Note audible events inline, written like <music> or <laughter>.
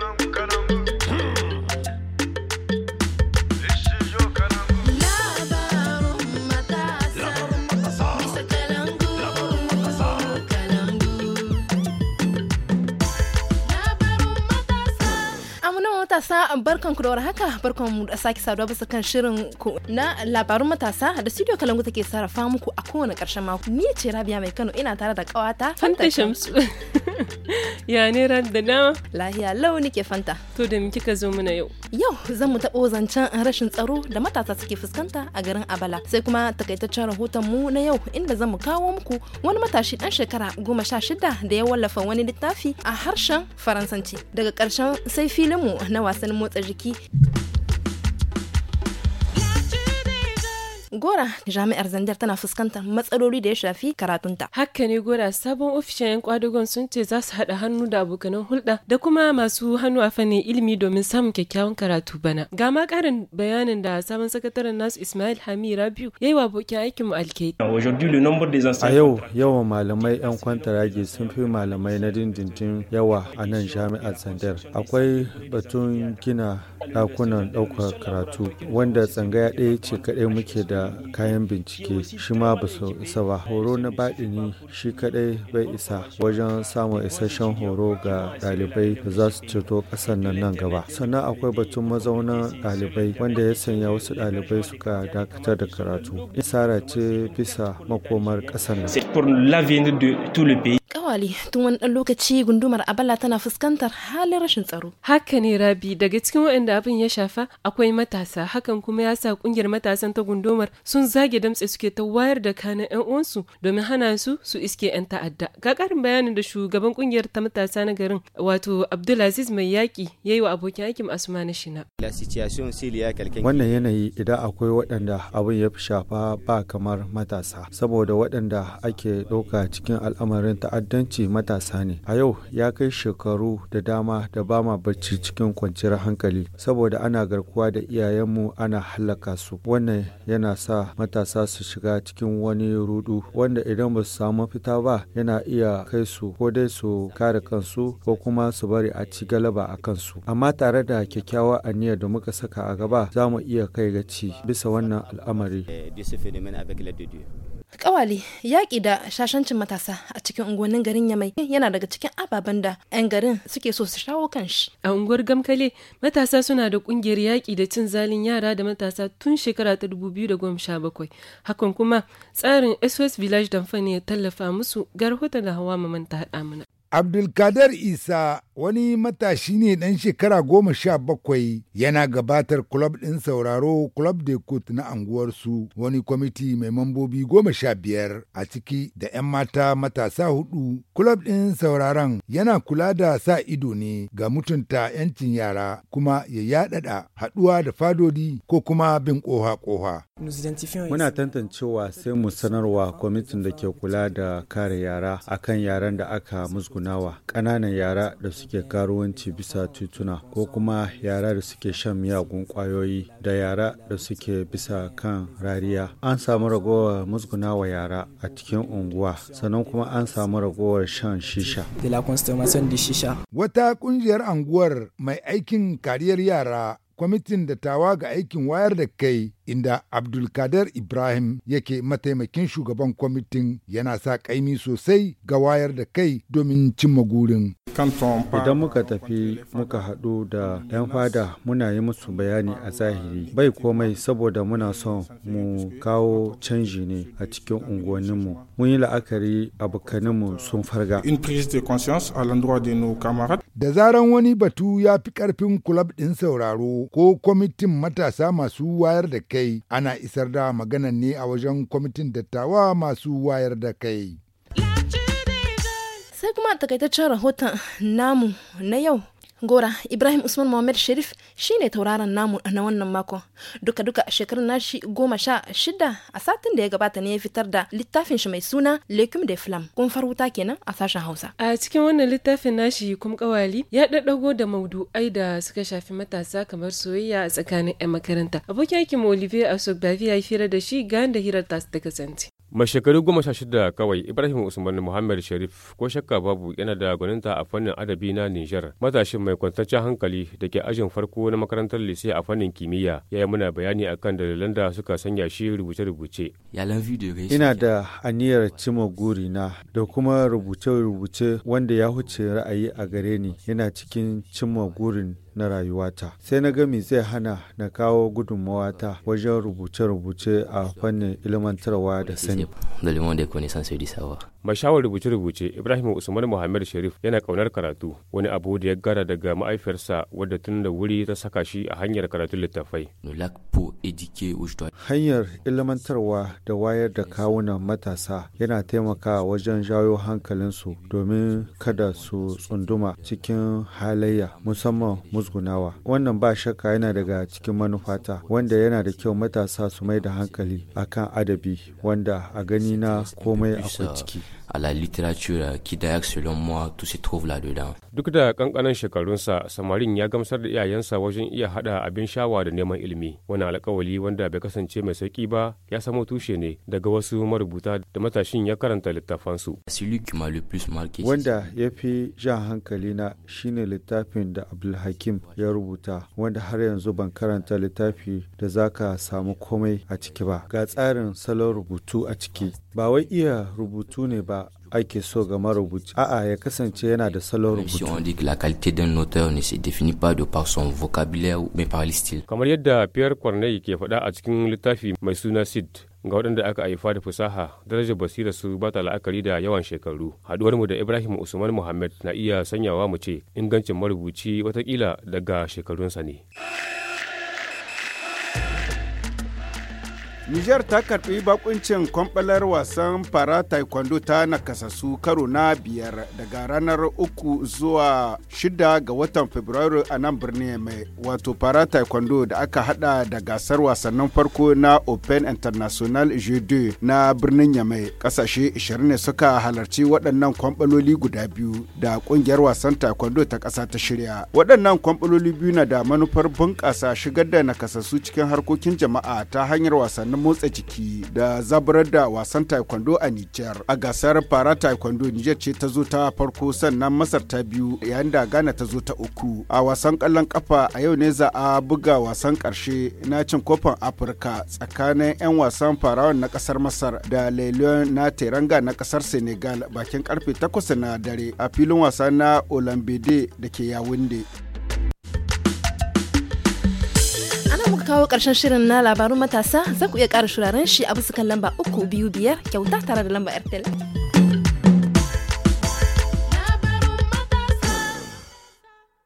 Não. nunca. matasa barkan ku da war haka barkan mu da sake saduwa bisa kan shirin ku na labarun matasa da studio Kalangu take sarrafa muku a kowane karshen mako. Ni ce Rabia mai Kano ina tare da kawata Fanta Shamsu. <laughs> ya ne ran da na Lahiya lau nike Fanta. To da muke kika zo muna yau. Yau zan mu taɓo zancen rashin tsaro da matasa suke fuskanta a garin Abala. Sai kuma takaitaccen rahoton mu na yau inda zan mu kawo muku wani matashi dan shekara goma sha shida da ya wallafa wani littafi a harshen Faransanci. Daga ƙarshen sai mu na na wasan motsa Gora jami'ar Zandar tana fuskantar matsaloli da ya shafi karatunta. Haka ne Gora sabon ofishin 'yan kwadugon sun ce za su haɗa hannu da abokanan hulɗa da kuma masu hannu a fannin ilimi domin samun kyakkyawan karatu bana. Ga ma ƙarin bayanin da sabon sakataren nasu Ismail Hami Rabiu ya yi wa abokin aikin mu alkai. A yau yawan malamai 'yan rage sun fi malamai na dindindin yawa a nan jami'ar Zandar. Akwai batun gina ɗakunan ɗaukar karatu wanda tsangaya ɗaya ce kaɗai muke da kayan bincike shi ma ba su isa ba horo na baɗini shi kadai bai isa wajen samun isasshen horo ga ɗalibai da za su ceto ƙasar nan nan gaba sannan akwai batun mazaunan ɗalibai wanda ya sanya wasu ɗalibai suka dakatar da karatu isara ce bisa makomar ƙasar nan Alkali tun wani ɗan lokaci gundumar Abala tana fuskantar halin rashin tsaro. Haka ne Rabi daga cikin waɗanda abin ya shafa akwai matasa hakan kuma ya sa ƙungiyar matasan ta gundumar sun zage damtse suke ta wayar da kanan 'yan uwansu domin hana su su iske 'yan ta'adda. Ga ƙarin bayanin da shugaban ƙungiyar ta matasa na garin wato Abdulaziz mai yaƙi ya yi wa abokin aikin Asuma na Shina. Wannan yanayi idan akwai waɗanda abin ya fi shafa ba kamar matasa saboda waɗanda ake ɗauka cikin al'amarin ta'addanci yawanci matasa ne. A yau ya kai shekaru da dama da ba ma bacci cikin kwanciyar hankali saboda ana garkuwa da iyayenmu ana halaka su. Wannan yana sa matasa su shiga cikin wani rudu wanda idan ba su samu fita ba yana iya kai su ko dai su kare kansu ko kuma su bari a ci galaba a kansu. Amma tare da kyakkyawa aniyar da muka saka a gaba za mu iya kai gaci bisa wannan al'amari. Eh, Kawali yaƙi da shashancin matasa a cikin unguwannin garin Yamai yana daga cikin ababen da 'yan garin suke so su shawo kan shi. A unguwar Gamkale matasa suna da ƙungiyar yaƙi da cin zalin yara da matasa tun shekara ta dubu biyu da bakwai Hakan kuma tsarin SOS Village Damfani ya tallafa musu ga da hawa manta haɗa mana. abdulkadar Isa wani matashi ne ɗan shekara goma sha bakwai yana gabatar kulob ɗin sauraro kulob de Kut na anguwarsu wani kwamiti mai mambobi goma sha biyar a ciki da 'yan mata matasa hudu. Kulob ɗin sauraron yana kula da sa ido ne ga mutunta 'yancin yara kuma ya yaɗaɗa haɗuwa da fadodi ko kuma bin ƙoha-ƙoha. Muna tantancewa sai mu sanarwa kwamitin da ke kula da kare yara akan yaran da aka musguna gunawa ƙananan yara da suke karuwanci bisa tituna ko kuma yara da suke shan miyagun kwayoyi da yara da suke bisa kan rariya an samu ragowar musgunawa yara a cikin unguwa sannan kuma an samu ragowar shan shisha wata kungiyar anguwar mai aikin kariyar yara kwamitin da tawa ga aikin wayar da kai inda Abdulkader Ibrahim yake mataimakin shugaban kwamitin yana sa kaimi sosai ga wayar da kai domin cimma gurin. Idan muka tafi muka haɗu da 'yan fada muna yi musu bayani a zahiri bai komai saboda muna son mu kawo canji ne a cikin unguwanninmu. Mun yi la'akari abokaninmu sun farga. Da zaran wani batu ya fi ƙarfin kulab ɗin sauraro ko kwamitin matasa masu wayar da kai kai ana isar da maganan ne a wajen kwamitin dattawa masu wayar da kai. Sai kuma takaitaccen rahoton namu na yau Gora Ibrahim Usman Muhammad Sharif ne tauraron namu na wannan mako. Duka duka a shekarun nashi goma sha shida a satin da ya gabata ne ya fitar da littafin shi mai suna Lekum de Flam. Kun wuta kenan a sashen Hausa. A cikin wannan littafin nashi kum kawali ya daddago da maudu'ai da suka shafi matasa kamar soyayya a tsakanin 'yan makaranta. Abokin aikin Olivier Asogbavi ya hira da shi gan da hirar ta kasance. mai shekaru goma sha shida kawai ibrahim usman muhammad sharif ko shakka babu yana da gwaninta a fannin adabi na nijar matashin mai kwantaccen hankali da ke ajin farko na makarantar lise a fannin kimiyya ya yi muna bayani akan dalilan da suka sanya shi rubuce-rubuce ina da aniyar cima guri na da kuma rubuce-rubuce wanda ya huce ra'ayi a gare ni yana cikin cimma gurin na rayuwata sai na gami zai hana na kawo gudunmawata wajen rubuce-rubuce a fannin ilmantarwa da sani shawar rubuce-rubuce Ibrahim Usman Muhammad Sharif yana kaunar karatu wani abu da ya gara daga ma'aifiyarsa wadda tun da wuri ta saka shi a hanyar karatun littattafai. Hanyar ilimantarwa da wayar da kawunan matasa yana taimaka wajen jawo hankalinsu domin kada su tsunduma cikin halayya musamman musgunawa. Wannan ba shakka yana daga cikin manufata wanda yana da kyau matasa su mai da hankali akan adabi wanda a gani na komai akwai ciki. à la littérature euh, qui d'ailleurs selon moi tout se trouve là-dedans. Duk da kankanin shekarunsa, samarin ya gamsar da iyayensa wajen iya haɗa abin shawa da neman ilimi. Wani alkawali wanda bai kasance mai sauki ba ya samo tushe ne daga wasu marubuta da matashin ya karanta littafansu. Wanda ya fi jan hankali na shine littafin da Abdulhakim ya rubuta, wanda har yanzu ban karanta littafi da zaka samu komai a ciki ba. Ga tsarin salon rubutu a ciki. Ba wai iya rubutu ne ba, ake so ga marubuci a'a ya kasance yana da salon rubutu kamar yadda pierre corneille ke faɗa a cikin littafi mai suna sid ga waɗanda aka haifa da fasaha darajar basira su ba ta la'akari da yawan shekaru haɗuwar mu da ibrahim usman muhammad na iya sanyawa mu ce ingancin marubuci watakila daga shekarunsa ne. Nijar ta karbi bakuncin kwambalar wasan fara taekwondo ta nakasassu karo na biyar daga ranar uku zuwa shida ga watan Fabrairu a nan birnin mai wato fara taekwondo da aka hada da gasar wasannin farko na Open International Judo na birnin Yamai. Kasashe 20 ne suka halarci waɗannan kwambaloli guda biyu da ƙungiyar wasan taekwondo ta ƙasa ta shirya. Waɗannan kwambaloli biyu na da manufar bunƙasa shigar da nakasassu cikin harkokin jama'a ta hanyar wasannin motsa jiki da zaburar da wasan taekwondo a Nijar. A gasar fara taekwondo Nijar ce ta zo ta farko sannan Masar ta biyu yayin da Ghana ta zo ta uku. A wasan kallon kafa a yau ne za a buga wasan karshe na cin kofin Afirka tsakanin 'yan wasan farawan na kasar Masar da Leilon na Teranga na kasar Senegal bakin karfe 8 na dare a filin wasa na Olambede da ke Yawunde. muka kawo ƙarshen shirin na labarun matasa za ku iya ƙara shuraren shi a bisa kan lamba uku biyu biyar kyauta tare da lamba airtel